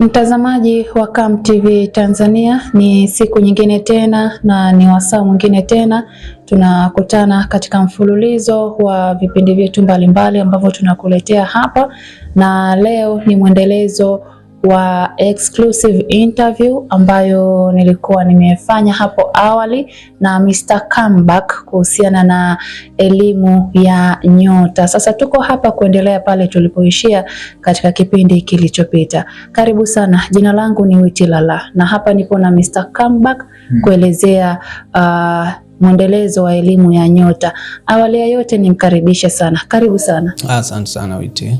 Mtazamaji wa Kam TV Tanzania, ni siku nyingine tena na ni wasaa mwingine tena tunakutana katika mfululizo wa vipindi vyetu mbalimbali ambavyo tunakuletea hapa, na leo ni mwendelezo wa exclusive interview ambayo nilikuwa nimefanya hapo awali na Mr. Comeback kuhusiana na elimu ya nyota. Sasa tuko hapa kuendelea pale tulipoishia katika kipindi kilichopita. Karibu sana. Jina langu ni Witilala na hapa nipo na Mr. Comeback hmm, kuelezea uh, mwendelezo wa elimu ya nyota. Awali ya yote nimkaribishe sana. Karibu sana. Asante sana Witi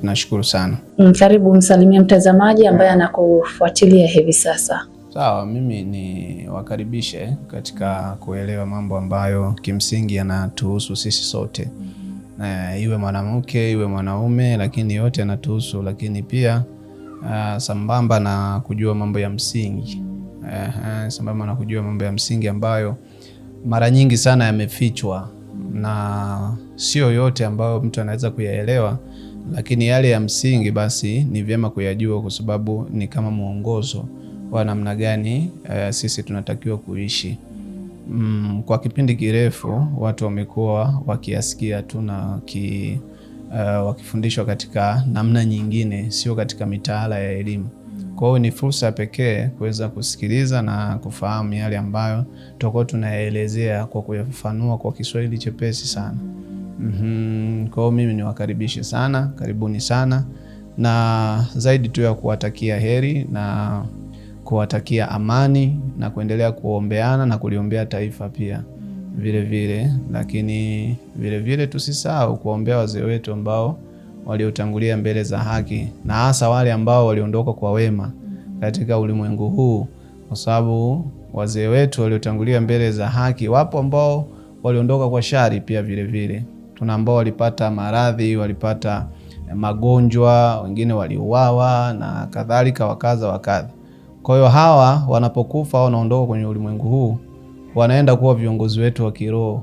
tunashukuru uh, sana. Mm, karibu msalimia mtazamaji ambaye anakufuatilia hivi sasa. Sawa, mimi ni wakaribishe katika kuelewa mambo ambayo kimsingi yanatuhusu sisi sote mm -hmm. na iwe mwanamke iwe mwanaume, lakini yote yanatuhusu, lakini pia uh, sambamba na kujua mambo ya msingi uh, sambamba na kujua mambo ya msingi ambayo mara nyingi sana yamefichwa na sio yote ambayo mtu anaweza kuyaelewa lakini yale ya msingi basi ni vyema kuyajua, kwa sababu ni kama mwongozo wa namna gani uh, sisi tunatakiwa kuishi. Mm, kwa kipindi kirefu watu wamekuwa wakiasikia tu na ki, uh, wakifundishwa katika namna nyingine, sio katika mitaala ya elimu. Kwa hiyo ni fursa pekee kuweza kusikiliza na kufahamu yale ambayo tutakuwa tunayaelezea kwa kuyafafanua kwa Kiswahili chepesi sana. Mm -hmm. Kwa hiyo mimi niwakaribishe sana, karibuni sana na zaidi tu ya kuwatakia heri na kuwatakia amani na kuendelea kuombeana na kuliombea taifa pia vile vile, lakini vile vile tusisahau kuwaombea wazee wetu ambao waliotangulia mbele za haki na hasa wale ambao waliondoka kwa wema katika ulimwengu huu, kwa sababu wazee wetu waliotangulia mbele za haki, wapo ambao waliondoka kwa shari pia vile vile. Tuna ambao walipata maradhi, walipata magonjwa, wengine waliuawa na kadhalika, wakaza wakadha. Kwa hiyo hawa wanapokufa, wanaondoka kwenye ulimwengu huu, wanaenda kuwa viongozi wetu wa kiroho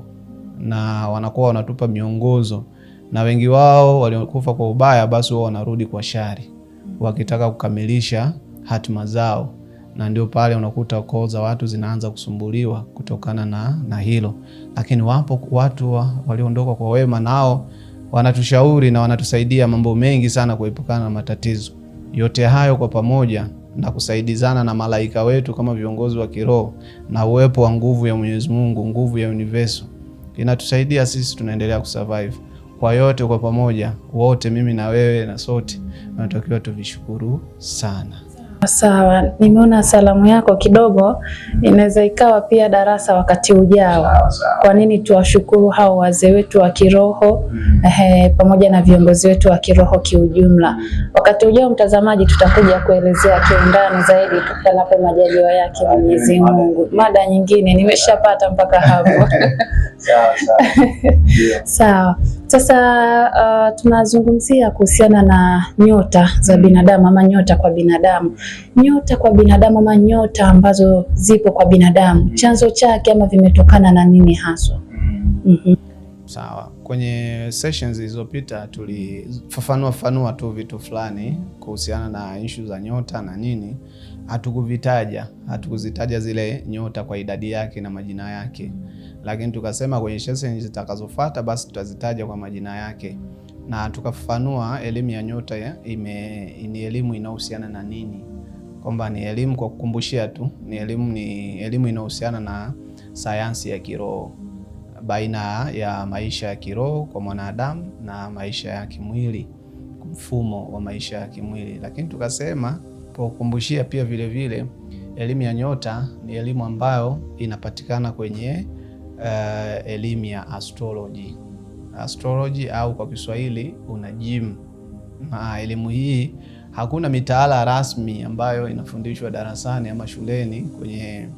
na wanakuwa wanatupa miongozo, na wengi wao waliokufa kwa ubaya, basi wao wanarudi kwa shari, wakitaka kukamilisha hatima zao na ndio pale unakuta koo za watu zinaanza kusumbuliwa kutokana na, na hilo. Lakini wapo watu wa, walioondoka kwa wema, nao wanatushauri na wanatusaidia mambo mengi sana kuepukana na matatizo yote hayo kwa pamoja na kusaidizana na malaika wetu kama viongozi wa kiroho na uwepo wa nguvu ya Mwenyezi Mungu, nguvu ya universe inatusaidia sisi, tunaendelea kusurvive kwa yote kwa pamoja. Wote mimi na wewe na sote tunatakiwa tuvishukuru sana. Sawa, nimeona salamu yako kidogo inaweza ikawa pia darasa wakati ujao. Kwa nini tuwashukuru hao wazee wetu wa kiroho mm. eh, pamoja na viongozi wetu wa kiroho kiujumla. Wakati ujao, mtazamaji, tutakuja kuelezea kiundani zaidi tutakapo majaliwa yake Mwenyezi Mungu. Mada nyingine nimeshapata mpaka hapo. Sawa. Sasa uh, tunazungumzia kuhusiana na nyota za mm. binadamu ama nyota kwa binadamu nyota kwa binadamu ama nyota ambazo zipo kwa binadamu mm. chanzo chake ama vimetokana na nini haswa? mm. mm -hmm. Sawa, kwenye sessions zilizopita tulifafanua fanua tu vitu fulani kuhusiana na ishu za nyota na nini. Hatukuvitaja, hatukuzitaja zile nyota kwa idadi yake na majina yake, lakini tukasema kwenye sessions zitakazofuata basi tutazitaja kwa majina yake na tukafafanua elimu ya nyota ya, ime, ni elimu inayohusiana na nini kwamba ni elimu, kwa kukumbushia tu, ni elimu, ni elimu inayohusiana na sayansi ya kiroho baina ya maisha ya kiroho kwa mwanadamu na maisha ya kimwili, mfumo wa maisha ya kimwili. Lakini tukasema kwa kukumbushia pia vile vile, elimu ya nyota ni elimu ambayo inapatikana kwenye uh, elimu ya astrology. Astrology au kwa Kiswahili unajimu, na elimu hii hakuna mitaala rasmi ambayo inafundishwa darasani ama shuleni kwenye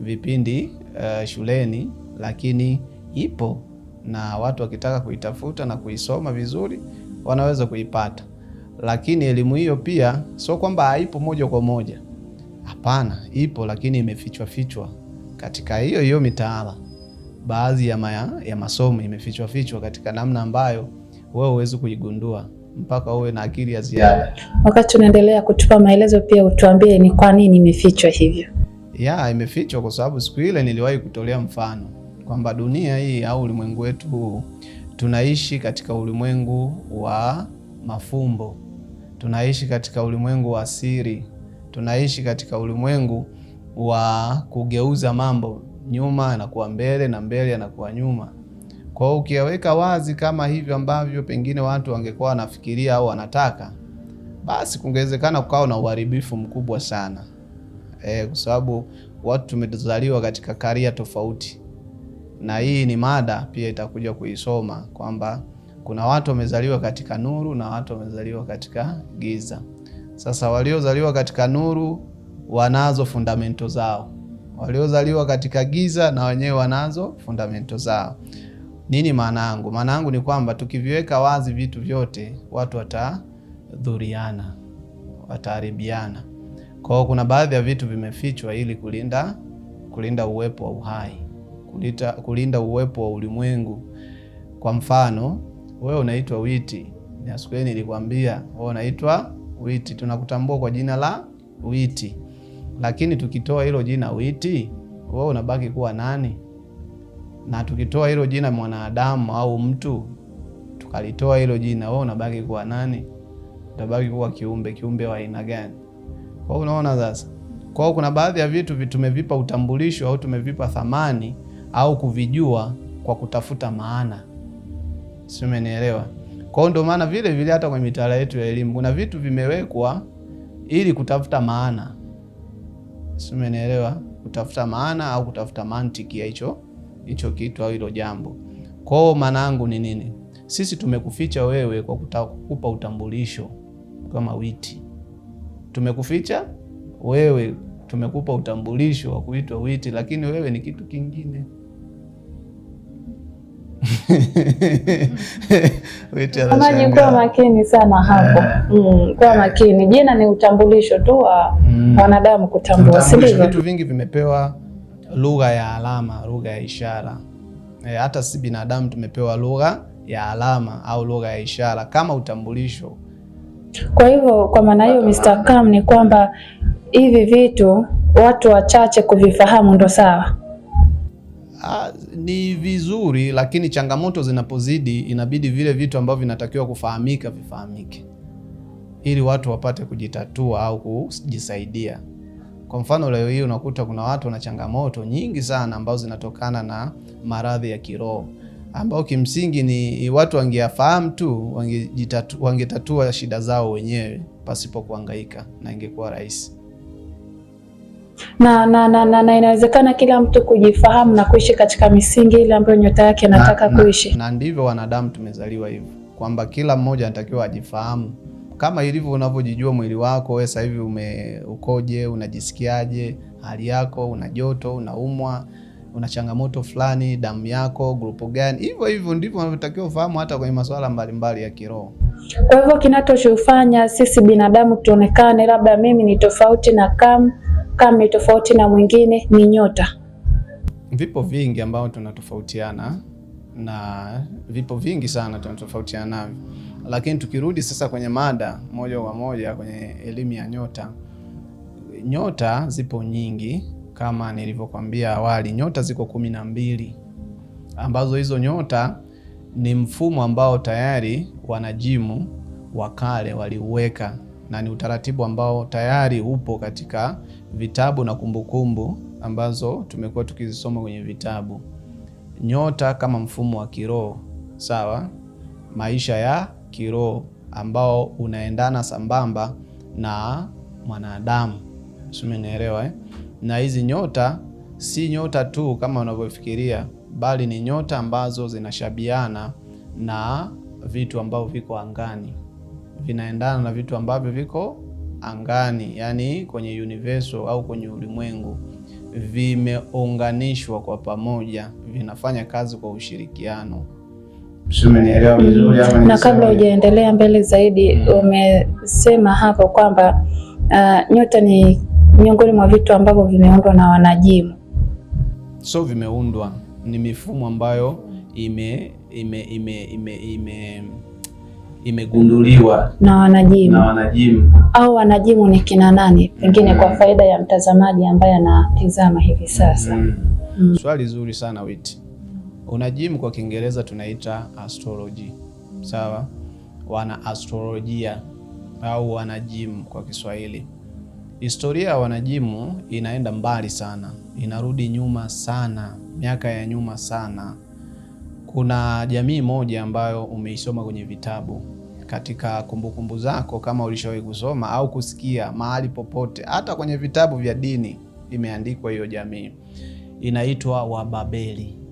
vipindi uh, shuleni, lakini ipo na watu wakitaka kuitafuta na kuisoma vizuri wanaweza kuipata. Lakini elimu hiyo pia sio kwamba haipo moja kwa moja, hapana, ipo, lakini imefichwa fichwa katika hiyo hiyo mitaala. Baadhi ya, ya masomo imefichwa fichwa katika namna ambayo wewe huwezi kuigundua mpaka uwe na akili ya ziada. Wakati unaendelea kutupa maelezo, pia utuambie ni kwa nini imefichwa hivyo. Ya, imefichwa kwa sababu siku ile niliwahi kutolea mfano kwamba dunia hii au ulimwengu wetu huu tunaishi katika ulimwengu wa mafumbo, tunaishi katika ulimwengu wa siri, tunaishi katika ulimwengu wa kugeuza mambo nyuma, anakuwa mbele na mbele anakuwa nyuma. Kwa hiyo ukiyaweka wazi kama hivyo ambavyo pengine watu wangekuwa wanafikiria au wanataka, basi kungewezekana kukawa na uharibifu mkubwa sana e, kwa sababu watu tumezaliwa katika karia tofauti, na hii ni mada pia itakuja kuisoma kwamba kuna watu wamezaliwa katika nuru na watu wamezaliwa katika giza. Sasa waliozaliwa katika nuru wanazo fundamento zao, waliozaliwa katika giza na wenyewe wanazo fundamento zao. Nini maana yangu? Maana yangu ni kwamba tukiviweka wazi vitu vyote watu watadhuriana, wataharibiana. Kwa hiyo kuna baadhi ya vitu vimefichwa ili kulinda kulinda uwepo wa uhai, kulinda, kulinda uwepo wa ulimwengu. Kwa mfano, wewe unaitwa Witi, na siku nilikwambia wewe unaitwa Witi, tunakutambua kwa jina la Witi, lakini tukitoa hilo jina Witi, wewe unabaki kuwa nani? na tukitoa hilo jina mwanadamu au mtu tukalitoa hilo jina, wewe unabaki kuwa nani? Utabaki kuwa kiumbe. Kiumbe wa aina gani? Kwa unaona sasa, kwa kuna baadhi ya vitu tumevipa utambulisho au tumevipa thamani au kuvijua kwa kutafuta maana, si umenielewa? Kwa hiyo ndio maana vile vile hata kwenye mitaala yetu ya elimu kuna vitu vimewekwa ili kutafuta maana, si umenielewa? Kutafuta maana au kutafuta mantiki ya hicho hicho kitu au hilo jambo. Kwao maana yangu ni nini? Sisi tumekuficha wewe kwa kukupa utambulisho kama Witi. Tumekuficha wewe, tumekupa utambulisho wa kuitwa Witi, lakini wewe ni kitu kingine. Mtazamaji kuwa makini sana hapo, eh. mm, kuwa eh. makini. Jina ni utambulisho tu wa mm. wanadamu kutambua, si Vitu vingi vimepewa lugha ya alama, lugha ya ishara. E, hata si binadamu tumepewa lugha ya alama au lugha ya ishara kama utambulisho. Kwa hivyo kwa maana hiyo, Mr. Kam, ni kwamba hivi vitu watu wachache kuvifahamu ndo sawa. A, ni vizuri lakini changamoto zinapozidi inabidi vile vitu ambavyo vinatakiwa kufahamika vifahamike ili watu wapate kujitatua au kujisaidia. Kwa mfano leo hii unakuta kuna watu wana changamoto nyingi sana ambazo zinatokana na maradhi ya kiroho ambao kimsingi ni watu wangeyafahamu tu wangetatua shida zao wenyewe pasipo kuhangaika na ingekuwa rahisi. Na, na, na, na, na inawezekana kila mtu kujifahamu na kuishi katika misingi ile ambayo nyota yake anataka kuishi, na, na ndivyo wanadamu tumezaliwa hivyo kwamba kila mmoja anatakiwa ajifahamu kama ilivyo unavyojijua mwili wako wewe sasa hivi ume ukoje, unajisikiaje, hali yako, una joto, unaumwa, una changamoto fulani, damu yako grupo gani, hivyo hivyo ndivyo unavyotakiwa ufahamu hata kwenye masuala mbalimbali ya kiroho. Kwa hivyo kinachofanya sisi binadamu tuonekane labda mimi ni tofauti na Kam, Kam ni tofauti na mwingine ni nyota. Vipo vingi ambao tunatofautiana na vipo vingi sana tunatofautiana navyo lakini tukirudi sasa kwenye mada moja kwa moja kwenye elimu ya nyota, nyota zipo nyingi kama nilivyokuambia awali, nyota ziko kumi na mbili ambazo hizo nyota ni mfumo ambao tayari wanajimu wa kale waliuweka na ni utaratibu ambao tayari upo katika vitabu na kumbukumbu kumbu ambazo tumekuwa tukizisoma kwenye vitabu. Nyota kama mfumo wa kiroho, sawa, maisha ya kiroho ambao unaendana sambamba na mwanadamu, simenielewa eh? Na hizi nyota si nyota tu kama unavyofikiria, bali ni nyota ambazo zinashabiana na vitu ambavyo viko angani, vinaendana na vitu ambavyo viko angani, yaani kwenye universo au kwenye ulimwengu, vimeunganishwa kwa pamoja, vinafanya kazi kwa ushirikiano. Na kabla hujaendelea mbele zaidi, umesema hapo kwamba uh, nyota ni miongoni mwa vitu ambavyo vimeundwa na wanajimu. So vimeundwa ni mifumo ambayo ime ime ime ime, ime imegunduliwa na wanajimu. Na wanajimu au wanajimu ni kina nani? Pengine mm. kwa faida ya mtazamaji ambaye anatizama hivi sasa mm. Mm. Swali zuri sana Witi. Unajimu kwa Kiingereza tunaita astrology, sawa? Wana astrolojia au wanajimu kwa Kiswahili. Historia ya wanajimu inaenda mbali sana, inarudi nyuma sana, miaka ya nyuma sana. Kuna jamii moja ambayo umeisoma kwenye vitabu katika kumbukumbu zako, kama ulishawahi kusoma au kusikia mahali popote, hata kwenye vitabu vya dini imeandikwa hiyo jamii, inaitwa Wababeli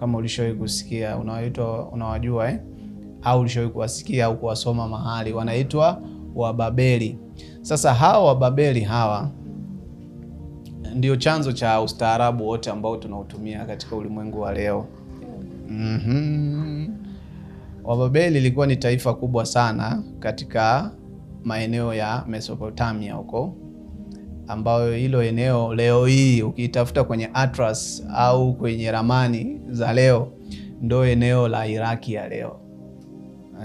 kama ulishawahi kusikia unawaitwa, unawajua eh? au ulishawahi kuwasikia au kuwasoma mahali, wanaitwa Wababeli. Sasa hawa Wababeli hawa ndio chanzo cha ustaarabu wote ambao tunautumia katika ulimwengu wa leo. mm -hmm. Wababeli ilikuwa ni taifa kubwa sana katika maeneo ya Mesopotamia huko ambayo hilo eneo leo hii ukitafuta kwenye atlas au kwenye ramani za leo ndo eneo la Iraki ya leo.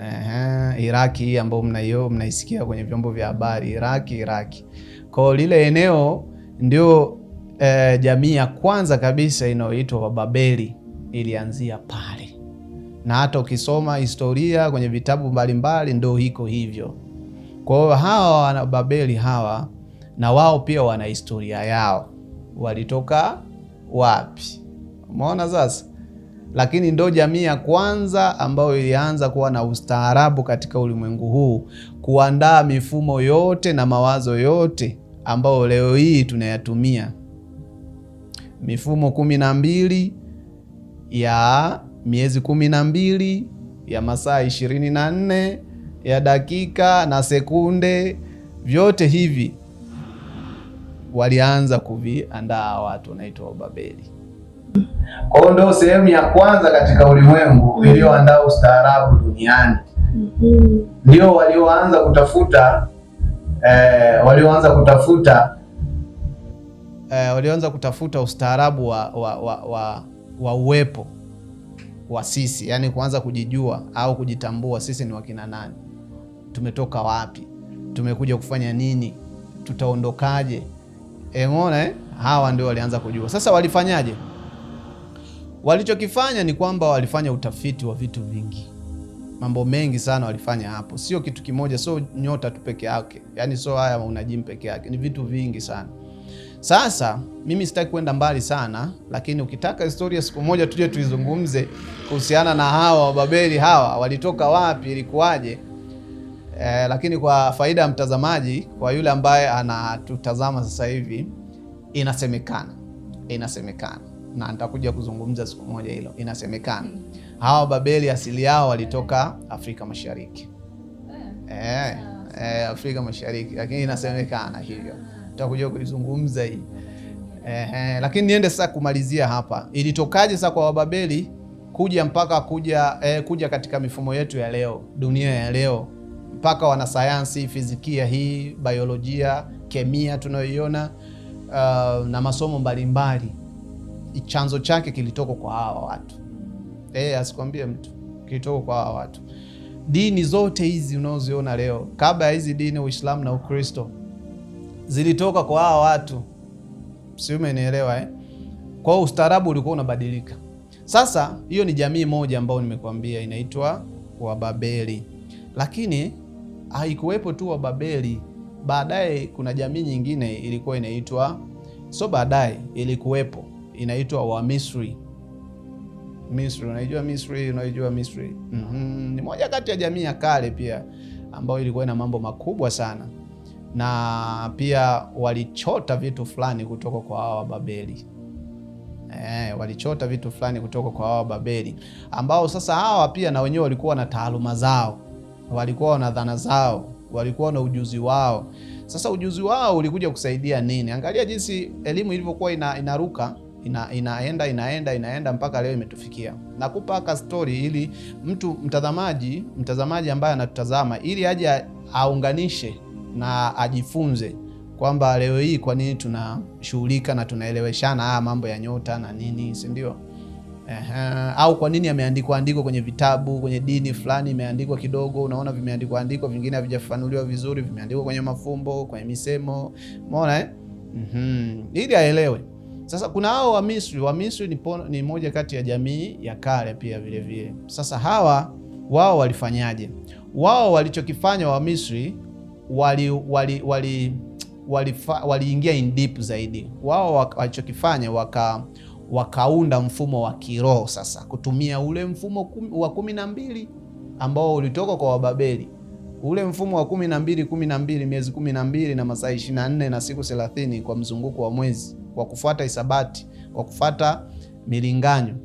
Ehe, Iraki hii ambayo mnaio mnaisikia kwenye vyombo vya habari Iraki, Iraki. Kwa lile eneo ndio e, jamii ya kwanza kabisa inayoitwa Wababeli ilianzia pale, na hata ukisoma historia kwenye vitabu mbalimbali ndo hiko hivyo. Kwa hiyo hawa Wanababeli hawa na wao pia wana historia yao, walitoka wapi. Umeona sasa, lakini ndo jamii ya kwanza ambayo ilianza kuwa na ustaarabu katika ulimwengu huu, kuandaa mifumo yote na mawazo yote ambayo leo hii tunayatumia, mifumo kumi na mbili ya miezi kumi na mbili ya masaa ishirini na nne ya dakika na sekunde, vyote hivi walianza kuviandaa watu wanaitwa Ubabeli. Kwa hiyo ndio sehemu ya kwanza katika ulimwengu mm-hmm. iliyoandaa ustaarabu duniani, mm-hmm. ndio walioanza kutafuta eh, walioanza kutafuta eh, walioanza kutafuta ustaarabu wa, wa, wa, wa, wa uwepo wa sisi, yaani kuanza kujijua au kujitambua, sisi ni wakina nani, tumetoka wapi, tumekuja kufanya nini, tutaondokaje Eh, umeona eh? Hawa ndio walianza kujua. Sasa walifanyaje? Walichokifanya ni kwamba walifanya utafiti wa vitu vingi, mambo mengi sana walifanya hapo, sio kitu kimoja, sio nyota tu peke yake, yaani sio haya unajimu peke yake, ni vitu vingi sana. Sasa mimi sitaki kwenda mbali sana, lakini ukitaka historia siku moja tuje tuizungumze kuhusiana na hawa Wababeli, hawa walitoka wapi, ilikuwaje? eh, lakini kwa faida ya mtazamaji, kwa yule ambaye anatutazama sasa hivi, inasemekana inasemekana, na nitakuja kuzungumza siku moja hilo. Inasemekana hawa Babeli asili yao walitoka Afrika Mashariki eh, eh, ah. eh Afrika Mashariki, lakini inasemekana hivyo, nitakuja kuizungumza hii eh, eh, lakini niende sasa kumalizia hapa, ilitokaje sasa kwa Wababeli kuja mpaka kuja eh, kuja katika mifumo yetu ya leo, dunia ya leo mpaka wanasayansi, fizikia hii, biolojia, kemia tunayoiona uh, na masomo mbalimbali chanzo chake kilitoka kwa hawa watu eh, asikwambie mtu, kilitoka kwa hawa watu. Dini zote hizi unaoziona leo, kabla ya hizi dini, Uislamu na Ukristo zilitoka kwa hawa watu, si umenielewa eh? Kwa ustaarabu ulikuwa unabadilika. Sasa hiyo ni jamii moja ambayo nimekuambia inaitwa Wababeli, lakini haikuwepo tu Wababeli. Baadaye kuna jamii nyingine ilikuwa inaitwa so, baadaye ilikuwepo inaitwa wa Misri, unaijua Misri? Unaijua Misri? mm -hmm. Ni moja kati ya jamii ya kale pia ambayo ilikuwa ina mambo makubwa sana, na pia walichota vitu fulani kutoka kwa hawa Babeli. Eh, walichota vitu fulani kutoka kwa hawa Babeli ambao sasa hawa pia na wenyewe walikuwa na taaluma zao walikuwa wana dhana zao, walikuwa na ujuzi wao. Sasa ujuzi wao ulikuja kusaidia nini? Angalia jinsi elimu ilivyokuwa ina, inaruka ina, inaenda inaenda inaenda mpaka leo imetufikia. Nakupa haka stori ili mtu mtazamaji mtazamaji ambaye anatutazama ili aje aunganishe na ajifunze kwamba leo hii kwa nini tunashughulika na tunaeleweshana haya mambo ya nyota na nini, si ndio? Ehe, au kwa nini ameandikwa andiko kwenye vitabu, kwenye dini fulani imeandikwa kidogo, unaona vimeandikwa andiko, vingine havijafanuliwa vizuri, vimeandikwa kwenye mafumbo, kwenye misemo, umeona eh? Mhm, ili aelewe. Sasa kuna hao wa Misri, wa Misri ni, ni moja kati ya jamii ya kale pia vile vile. Sasa hawa wao walifanyaje? Wao walichokifanya wa Misri wali wali wali waliingia wali in deep zaidi. Wao walichokifanya waka wakaunda mfumo wa kiroho sasa, kutumia ule mfumo wa kumi na mbili ambao ulitoka kwa Wababeli, ule mfumo wa kumi na mbili kumi na mbili miezi kumi na mbili na masaa ishirini na nne na siku thelathini kwa mzunguko wa mwezi, kwa kufuata hisabati, kwa kufuata milinganyo,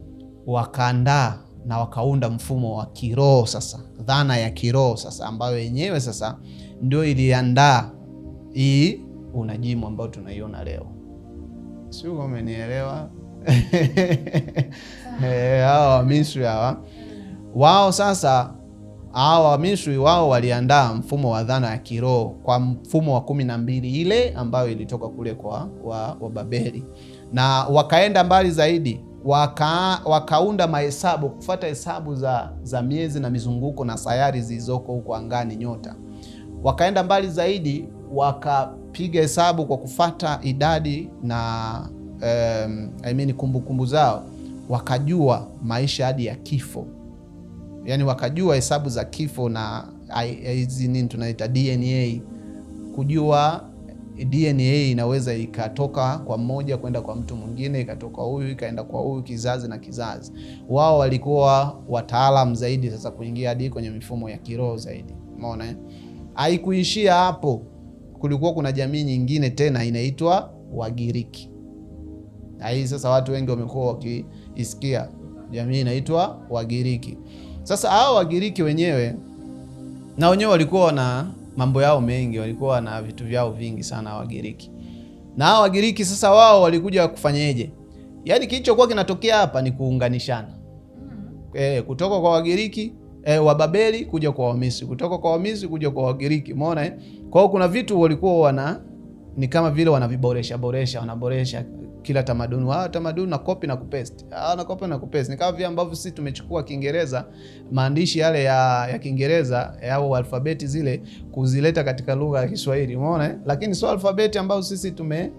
wakaandaa na wakaunda mfumo wa kiroho sasa, dhana ya kiroho sasa, ambayo yenyewe sasa ndio iliandaa hii unajimu ambayo tunaiona leo. Sio, umenielewa? Eh, hawa Wamisri hawa wao sasa hawa Wamisri wao waliandaa mfumo wa dhana ya kiroho kwa mfumo wa kumi na mbili ile ambayo ilitoka kule kwa wa, wa Babeli, na wakaenda mbali zaidi waka, wakaunda mahesabu kufata hesabu za, za miezi na mizunguko na sayari zilizoko huko angani, nyota. Wakaenda mbali zaidi wakapiga hesabu kwa kufata idadi na um, I mean kumbukumbu zao, wakajua maisha hadi ya kifo, yani wakajua hesabu za kifo na hizi nini tunaita DNA, kujua DNA inaweza ikatoka kwa mmoja kwenda kwa mtu mwingine, ikatoka huyu ikaenda kwa huyu, kizazi na kizazi. Wao walikuwa wataalam zaidi, sasa kuingia hadi kwenye mifumo ya kiroho zaidi. Umeona eh? Haikuishia hapo, kulikuwa kuna jamii nyingine tena inaitwa Wagiriki na hii sasa watu wengi wamekuwa wakiisikia, jamii inaitwa Wagiriki. Sasa hao Wagiriki wenyewe na wenyewe walikuwa na mambo yao mengi, walikuwa na vitu vyao vingi sana Wagiriki. Na hao Wagiriki sasa wao walikuja kufanyeje? Yaani kilichokuwa kinatokea hapa ni kuunganishana e, kutoka kwa Wagiriki e, wa Babeli kuja kwa Wamisri, kutoka kwa Wamisri kuja kwa Wagiriki. Umeona eh? Kwa hiyo kuna vitu walikuwa wana ni kama vile wanaviboresha boresha, wanaboresha kila tamaduni wa tamaduni na copy ah, na kupaste ah, na copy na kupaste, Ni kama vile ambavyo sisi tumechukua Kiingereza maandishi yale ya ya Kiingereza au alfabeti zile kuzileta katika lugha ya Kiswahili, umeona. Lakini sio alfabeti ambazo sisi tume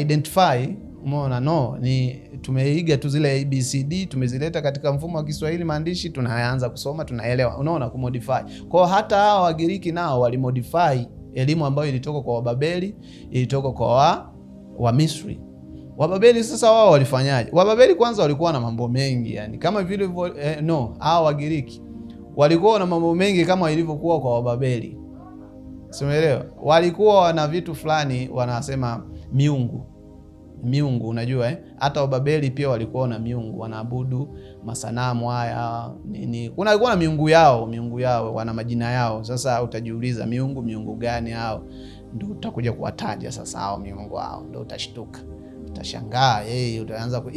identify, umeona, no ni tumeiga tu zile ABCD tumezileta katika mfumo wa Kiswahili, maandishi tunaanza kusoma, tunaelewa, unaona, ku modify. Kwa Hata hawa Wagiriki nao wali modify elimu ambayo ilitoka kwa Wababeli, ilitoka kwa wa, wa Misri. Wababeli sasa wao walifanyaje? Wababeli kwanza walikuwa na mambo mengi yani, kama vile eh, no hao Wagiriki walikuwa na mambo mengi kama ilivyokuwa kwa Wababeli, simeelewa. Walikuwa wana vitu fulani wanasema miungu, miungu unajua eh? Hata Wababeli pia walikuwa na miungu, wanaabudu masanamu haya nini, kuna walikuwa na miungu yao, miungu yao wana majina yao. Sasa utajiuliza miungu, miungu gani hao? Ndio utakuja kuwataja sasa hao miungu hao, ndio utashtuka utashangaa hey, eh, utaanza ku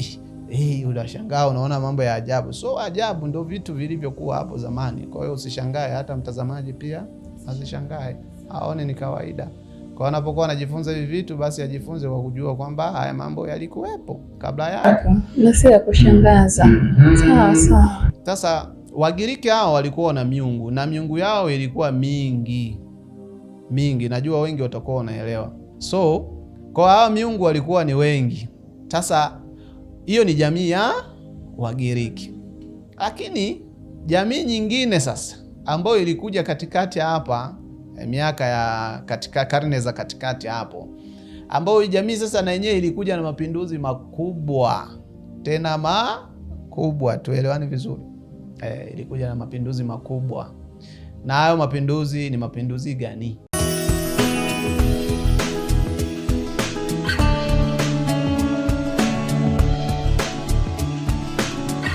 hey, eh, utashangaa, unaona mambo ya ajabu. So ajabu ndio vitu vilivyokuwa hapo zamani, kwa hiyo usishangae, hata mtazamaji pia asishangae, aone ni kawaida kwa anapokuwa anajifunza hivi vitu, basi ajifunze kwa kujua kwamba haya mambo yalikuwepo kabla yake na si ya kushangaza. Mm-hmm. Sasa Wagiriki hao walikuwa na miungu na miungu yao ilikuwa mingi mingi, najua wengi watakuwa wanaelewa so kwa hawa miungu walikuwa ni wengi. Sasa hiyo ni jamii ya Wagiriki, lakini jamii nyingine sasa ambayo ilikuja katikati hapa eh, miaka ya katika karne za katikati hapo, ambayo jamii sasa na yenyewe ilikuja na mapinduzi makubwa, tena makubwa, tuelewane vizuri e, ilikuja na mapinduzi makubwa. Na hayo mapinduzi ni mapinduzi gani?